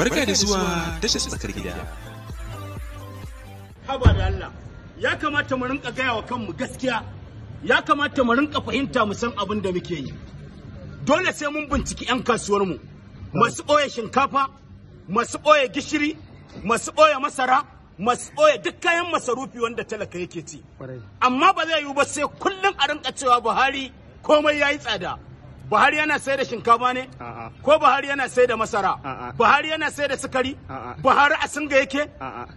Barka da zuwa tashar tsakar gida. Haba da Allah, ya kamata mu rinka gaya wa kanmu gaskiya, ya kamata mu rinka fahimta mu san abin da muke yi. Dole sai mun binciki 'yan kasuwarmu, masu ɓoye shinkafa, masu ɓoye gishiri, masu ɓoye masara, masu ɓoye duk kayan masarufi wanda talaka yake ci. Amma ba zai yiwu ba sai kullum a rinka cewa Buhari komai ya yi tsada. Buhari yana sai da shinkafa ne? Ko Buhari yana sai da masara? Buhari yana sai da sukari? Buhari a singa yake?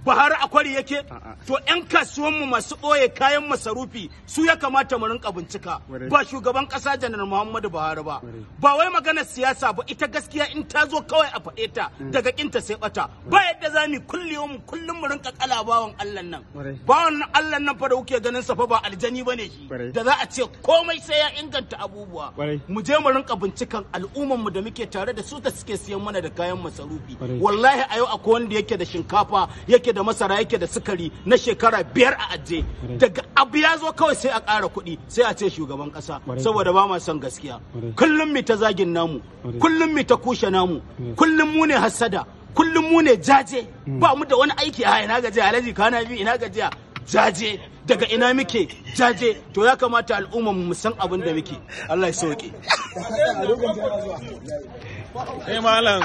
Buhari a kwari yake? To 'yan mu masu ɓoye kayan masarufi su ya kamata mu rinka bincika. Ba shugaban ƙasa janar Muhammadu Buhari ba. Ba wai maganar siyasa ba ita gaskiya in ta zo kawai a faɗe ta mm. daga ƙinta sai ɓata. Ba yadda za mu kullum kullum mu rinka kala bawan Allah nan. Bawan Allah nan fa da kuke ganin sa fa ba aljani bane shi. Da za a ce komai sai ya inganta abubuwa. Mu je lamarin kabincikan bincikan al'umman mu da muke tare da su da suke siyan mana da kayan masarufi wallahi a yau akwai wanda yake da shinkafa yake da masara yake da sukari na shekara biyar a aje daga abu ya zo kawai sai a kara kuɗi sai a ce shugaban ƙasa saboda ba ma son gaskiya kullum mu ta zagin namu kullum mu ta kushe namu kullum mu ne hassada kullum mu ne jaje mm. ba mu da wani aiki a ina gajiya alhaji kana bi ina gajiya jaje daga ina muke jaje to ya kamata al'ummar mu san abin da muke Allah ya sauke kai malam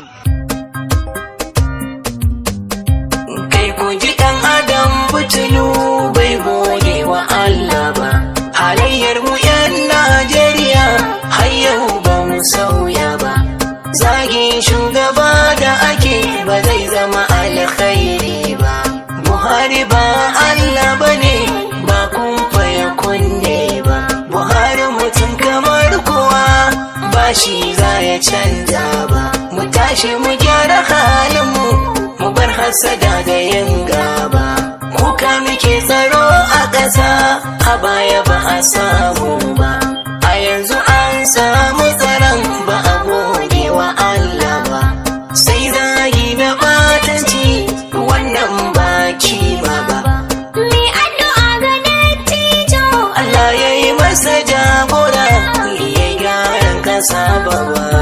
kai ku ji dan adam butulu bai gode wa Allah ba halayyar mu yan Najeriya har yau ba mu sauya ba zagin shugaba da ake ba zai tashi za ya canza ba mu tashi mu gyara halinmu mu mu bar hasada da yin gaba kuka muke tsaro a ƙasa a baya ba a samu ba bawa